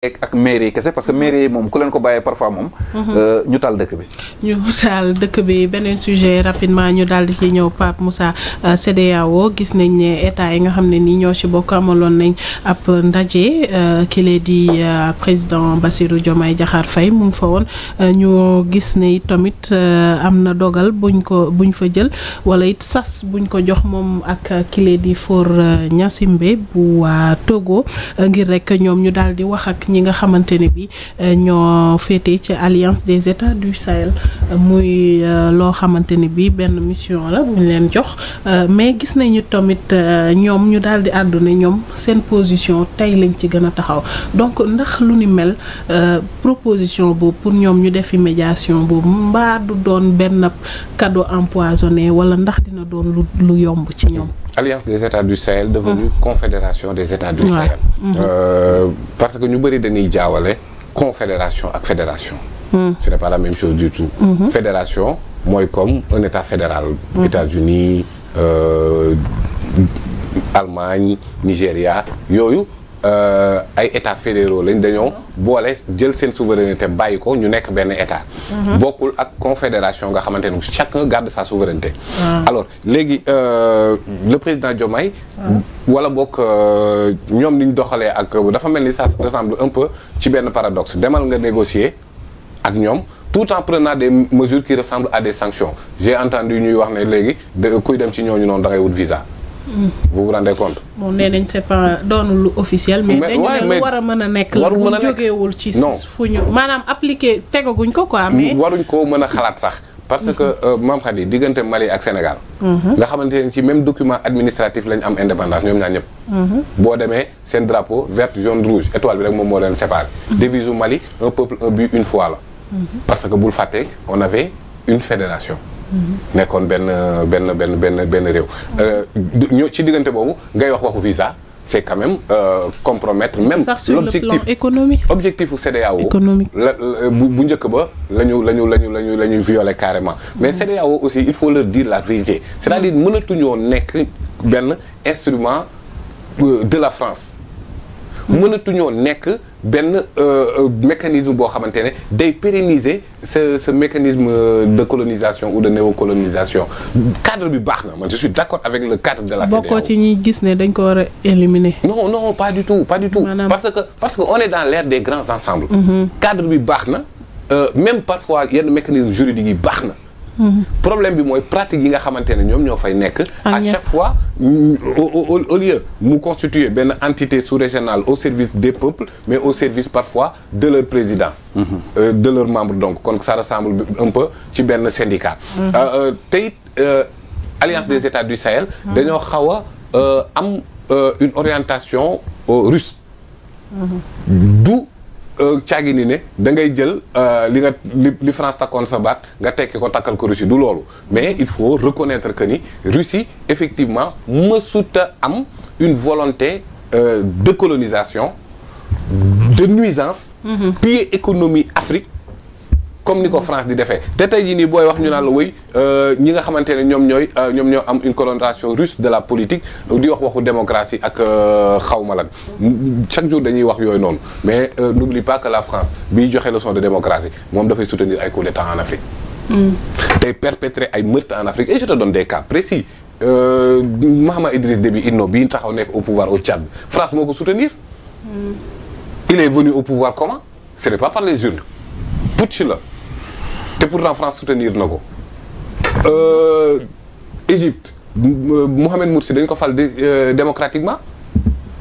ak mairie kese parce que mairie yi moom ku leen ko bàyyee parfois moom. Mhm. Euh, ñu taal dëkk bi. ñu taal dëkk bi beneen sujet rapidement ñu daal di ci ñëw Pape Moussa euh, CEDEAO gis nañ ne état yi nga xam ne nii ñoo ci bokk amaloon nañ ab ndaje euh, ki lee di président Bassirou Diomaye jaxaar fay mu ngi fa woon ñu gis ne tamit am na dogal buñ ko buñ fa jël wala it sas buñ ko jox moom ak ki lee di Faure Gnassingbé bu waa Togo ngir rek ñoom ñu daal di wax ak. ñi nga xamante ne bi euh, ñoo féete ci alliance des états du Sahel muy euh, loo xamante ne bi benn mission la bu leen jox euh, mais gis nañu tamit ñoom ñu daal di àdduna ñoom seen position tey lañ ci gën a taxaw donc ndax lu ni mel proposition boobu pour ñoom ñu defi médiation boobu mbaa du doon benn cadeau empoisonné wala ndax dina doon lu lu yomb ci ñoom alliance des états du Sahel devenue mm. confédération des états du Sahel mm-hmm. euh, parce que ñu bëri dañuy jaawale confédération ak fédération mm. ce n'est pas la même chose du tout mm-hmm. fédération mooy comme un état fédéral mm. États-Unis euh, Nigéria yooyu Euh, ay états fédéraux lañ dañoo boole jël seen souveraineté bàyyi ko ñu nekk benn état. Mhm. bokkul ak confédération nga xamante ne chacun garde sa souveraineté. Ah. alors léegi euh, le président Diomaye. Ah. wala boog euh, ñoom ni doxalee ak dafa mel ni sa ressemble un peu ci benn paradox demal nga négocier ak ñoom. tout en prenant des mesures qui ressemblent à des sanctions j'ai entendu ñuy wax ne léegi da kuy dem ci ñooñu noonu da ngay wut visa vous vous rendez compte. moom nee nañ c'est pas doonul lu officiel. mais dañu ne lu war a mën a nekk la bu jógeewul ci fu ñu maanaam appliqué tegaguñ ko quoi. mais waruñ koo mën a xalaat sax. parce que euh, maam Khady diggante Mali ak Sénégal. Mhm. nga xamante ne ci même document administratif lañ am indépendance ñoom ñaar ñëpp. Mhm. boo demee seen drapeau vert jaune rouge étoile bi rek moom moo leen séparé. Mhm. devise Mali un peuple un but une foi la. parce que bul fàtte on avait une fédération. nekkoon benn benn benn benn benn réew. Euh, ñu ci diggante boobu ngay wax waxu visa. c'est quand même euh, compromettre même l'objectif u CEDEAO la bu bu njëkk ba la ñu la ñu la ñu la ñu la ñuy violer carrément mais CEDEAO aussi il faut leur dire la vérité c'est-à-dire mënatuñoo nekk benn instrument euh, de la France mënatuñoo nekk benn euh, euh, mécanisme boo xamante ne day pérenniser ce ce mécanisme euh, de colonisation ou de néocolonisation cadre bi baax na man je suis d' accord avec le cadre de la CEDEAO bokkoo ci ñuy gis ne dañ ko war a éliminer non non pas du tout pas du tout parce que parce que on est dans l'ère des grands ensembles mhm. cadre bi baax na même parfois yenn mécanisme juridique yi baax na problème bi mooy pratique yi nga xamante ne ñoom ñoo fay nekk. Ah, à chaque fois au lieu mu constituer benn entité sous-régionale au service des peuples mais au service parfois de leur président. Mhm. Euh, de leurs membres donc kon sa ressemble un peu ci benn syndicat. Mhm. Euh, euh, te it alliance des états du Sahel. Mhm. dañoo xaw a am une orientation russe. Euh, caagini ne da ngay jël euh, li nga li France takoon sa baat nga tekki ko takkal ko Russie du loolu mais il faut reconnaître que ni Russie effectivement mësuta am une volonté euh, de colonisation de nuisance. Mm-hmm. piller économie Afrique. comme ni ko France di defee te tey jii nii booy wax ñu naan la wëy euh, ñi nga xamante ne ñoom ñooy euh, ñoom ñoo am une connotation russe de la politique di wax waxu démocratie ak euh, ma lan chaque jour dañuy wax yooyu noonu mais n'oublie pas que la France biy joxe leçon de démocratie moom dafay soutenir ay coup d'état en Afrique mm. tey ay meurtre en Afrique et je te donne des cas précis Mahamat Idriss Déby Itno bii taxaw nekk au pouvoir au Tchad France moo ko soutenir mm. il est venu au pouvoir comment ce n'est pas par les urnes putsch la te pourtant France soutenir na ko. Euh, Égypte euh, Mohamed Morsi dañ ko fal euh, démocratiquement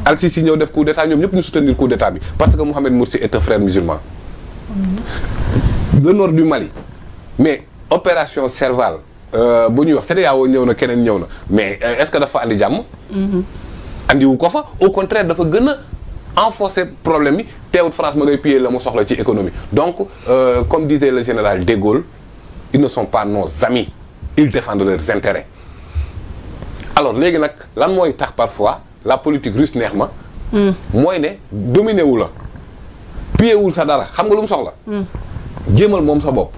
al si ñëw def coup d'état ñoom ñëpp ñu soutenir coup d'état bi parce que Mohamed Morsi est un frère musulman. le nord du Mali mais opération Serval bu ñuy wax CEDEAO ñëw na keneen ñëw na mais est-ce que dafa andi jàmm. Mm-hmm. andiwu ko fa au contraire dafa gën enforcer problème bi teewut France ma ngay piller la mu soxla ci économie donc euh, comme disait le général de Gaulle ils ne sont pas nos amis ils défendent leurs intérêts alors léegi nag lan mooy tax parfois la politique russe neex ma hmm. mooy ne dominé wu la piller wul dara xam nga lu mu soxla hmm. jéemal moom sa bopp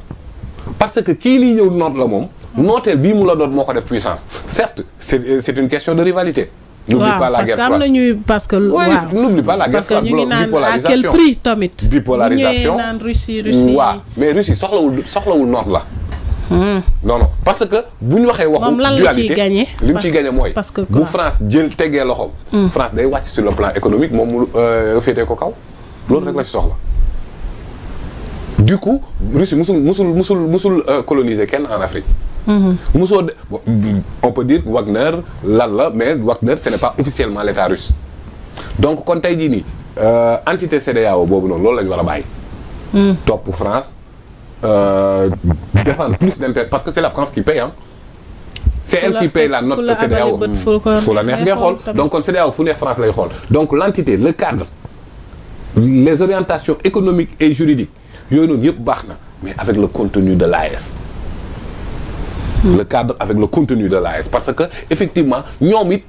parce que kii liy ñëw noot la moom nooteel bii mu la doot moo ko def puissance certes c'est euh, c'est une question de rivalité n'oublie wow, pas la guerre ñuy parce que oui, wow. n'oublie pas la guerre froide bloc bipolarisation prix tamit bipolarisation Russie waaw mais Russie soxlawul soxlawul nord la hmm. non parce que bu ñu waxee waxu dualité li mu ci gagné mooy bu France jël tegee loxoom hmm. France day wàcc sur le plan économique moom mu euh, féetee ko kaw loolu rek la ci soxla du coup Russie musul mosul musul musul euh, coloniser kenn en Afrique musoo mm-hmm. de on peut dire Wagner lan la mais Wagner ce n'est pas officiellement l'état russe donc kon tey jii nii euh, entité CEDEAO boobu noonu loolu la war a bàyyi. Mm. topp France euh, défendre plus d'intérêt parce que c'est la France qui paye ah. c'est elle qui paye la note de CEDEAO fu la neex ngay xool donc kon CEDEAO fu neex France lay xool donc l'entité le cadre les orientations économiques et juridiques yooyu noonu yëpp baax na mais avec le contenu de la l'AES le cadre avec le contenu de l'AS parce que effectivement ñoom it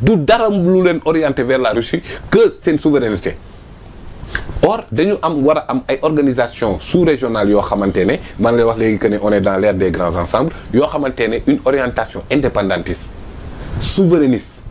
du dara lu leen orienté vers la Russie que seen souveraineté or dañu am war a am ay organisation sous régionales yoo xamante ne man lay wax léegi que ne on est dans l'ère des grands ensembles yoo xamante ne une orientation indépendantiste souverainiste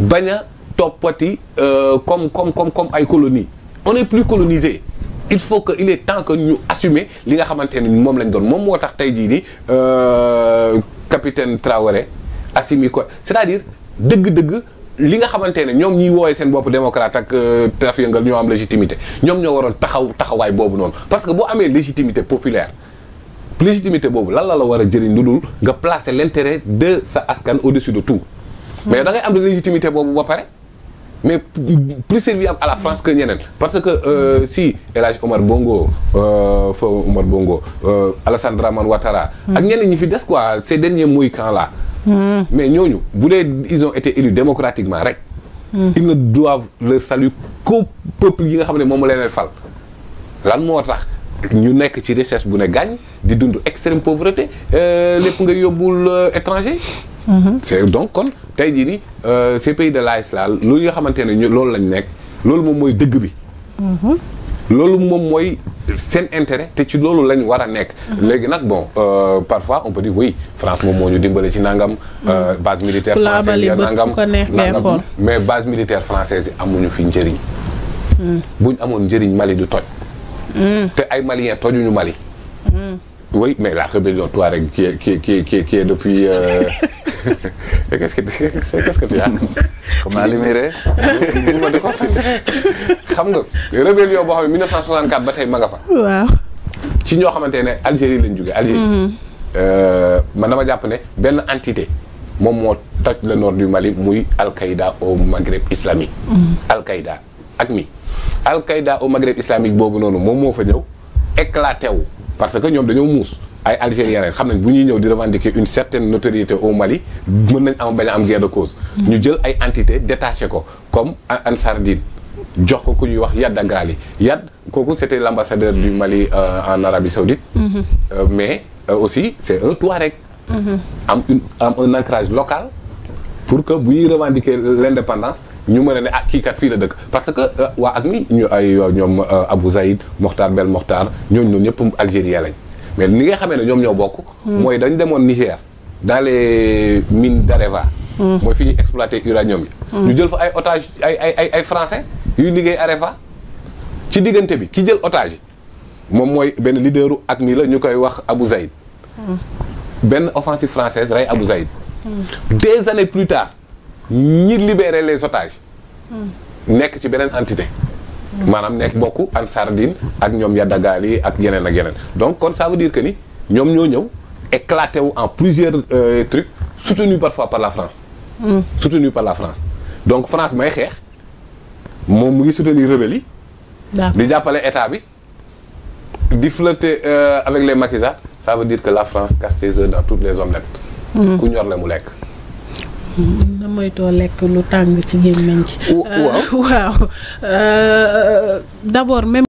bañ a toppati euh, comme comme comme comme ay colonies on est plus colonisé il faut que il est temps que ñu assumer li nga xamante ni moom lañ doon moom moo tax tey jii nii euh, capitaine Traoré assimi ko c'est-à-dire dëgg-dëgg li nga xamante ne ñoom ñiy woowee seen bopp démocrate ak euh, taf yëngal ñoo am légitimité ñoom ñoo waroon taxaw taxawaay boobu noonu parce que boo amee légitimité populaire légitimité boobu lan la la war a jëriñ lu dul nga placer l'intérêt de sa askan au-dessus de tout mais da ngay am légitimité boobu ba pare mais plus am à la France que ñeneen parce que euh, si El Hadj Omar Bongo foo euh, fa Omar Bongo euh, Alassane Dramane Ouattara. Hmm. ak ñeneen ñi fi des quoi ces derniers Mohicans là. Mm. mais ñooñu bu dee ils ont été élus démocratiquement rek. Mm. ils ne doivent leur salut qu'au peuple yi nga xam ne moom la leen fal. lan moo tax ñu nekk ci recherche bu ne gàññ di dund extrême pauvreté euh, lépp nga yóbbul étranger. Mm-hmm. c'est donc kon tey jii ni euh, ces pays de la là loolu nga xamante ne ñu loolu lañ nekk loolu moom mooy dëgg bi mm-hmm. loolu moom mooy seen intérêt te ci loolu lañ war a nekk mm-hmm. léegi nag bon euh, parfois on peut dire oui France moom moo ñu dimbale ci nangam euh, base militaire française yi nangam nangam mais base militaire française yi amuñu fi njëriñ mm. buñ amoon njëriñ Mali du toj mm. te ay maliens tojuñu Mali mm. Oui, mais la rébellion Touareg qui est, qui, qui, qui, qui est depuis... Euh... qu'est-ce, que, qu'est-ce que tu as Comme à l'émiré Vous me déconcentrez. La rébellion en 1964, bataille Magafa. Wow. Si nous avons Algérie, Algérie. Mm -hmm. euh, Madame Diapone, belle entité. moom moo toj le nord du Mali muy Al-Qaïda au Maghreb islamique. Mm-hmm. Al-Qaïda ak mi. Al-Qaïda au Maghreb islamique boobu noonu moom moo fa ñëw éclaté wu. parce que ñoom dañoo muus ay algériens lañ xam nañ bu ñuy ñëw di revendiquer une certaine notoriété au Mali mën nañ am bañ a am guerre cause. ñu jël ay entité détaché ko comme Ansar Dine jox ko ku ñuy wax Yad Dangrali Yad kooku c' était l' ambassadeur du Mali euh, en Arabie Saoudite. Mm-hmm. Euh, mais euh, aussi c' est un Touareg. Mm-hmm. am une am un pour que buy revendiquer l'indépendance ñu mën a ne ah kii kat fii la dëkk parce que euh, waa ak mi ñu ay euh, ñoom euh, Abou Zaïd Mokhtar Bel Mokhtar ñooñ noonu ñëpp algérien lañ mais ni nga xamee ne ñoom ñoo bokk. mooy dañ demoon Niger dans les mines d'Areva. Mm. mooy fi ñuy exploité uranium yi. ñu mm. jël fa ay otage ay ay ay ay français yuy liggéey Areva ci diggante bi ki jël otage yi moom mooy benn leaderu ak mi la ñu koy wax Abou Zaïd. Mm. benn offensive française rey Abou Zaïd. des années plus tard ñi libérer les otages. nekk ci beneen entité. maanaam nekk bokk Ansar Dine ak ñoom Yadda Gaali ak yeneen ak yeneen donc kon ça veut dire que ni ñoom ñoo ñëw éclaté wu en plusieurs euh, trucs soutenu parfois par la France. soutenu par la France donc France may xeex moom mu ngi soutenir rebelle yi. di jàppale état bi di flirter euh, avec les maquisards ça veut dire la France casse ses œufs dans toutes les omelettes. Mm-hmm. ku ñor la mu lekk. Mm-hmm. na moytoo lekk lu tàng ci gémmiñ ci waaw waaw euh, d'abord même.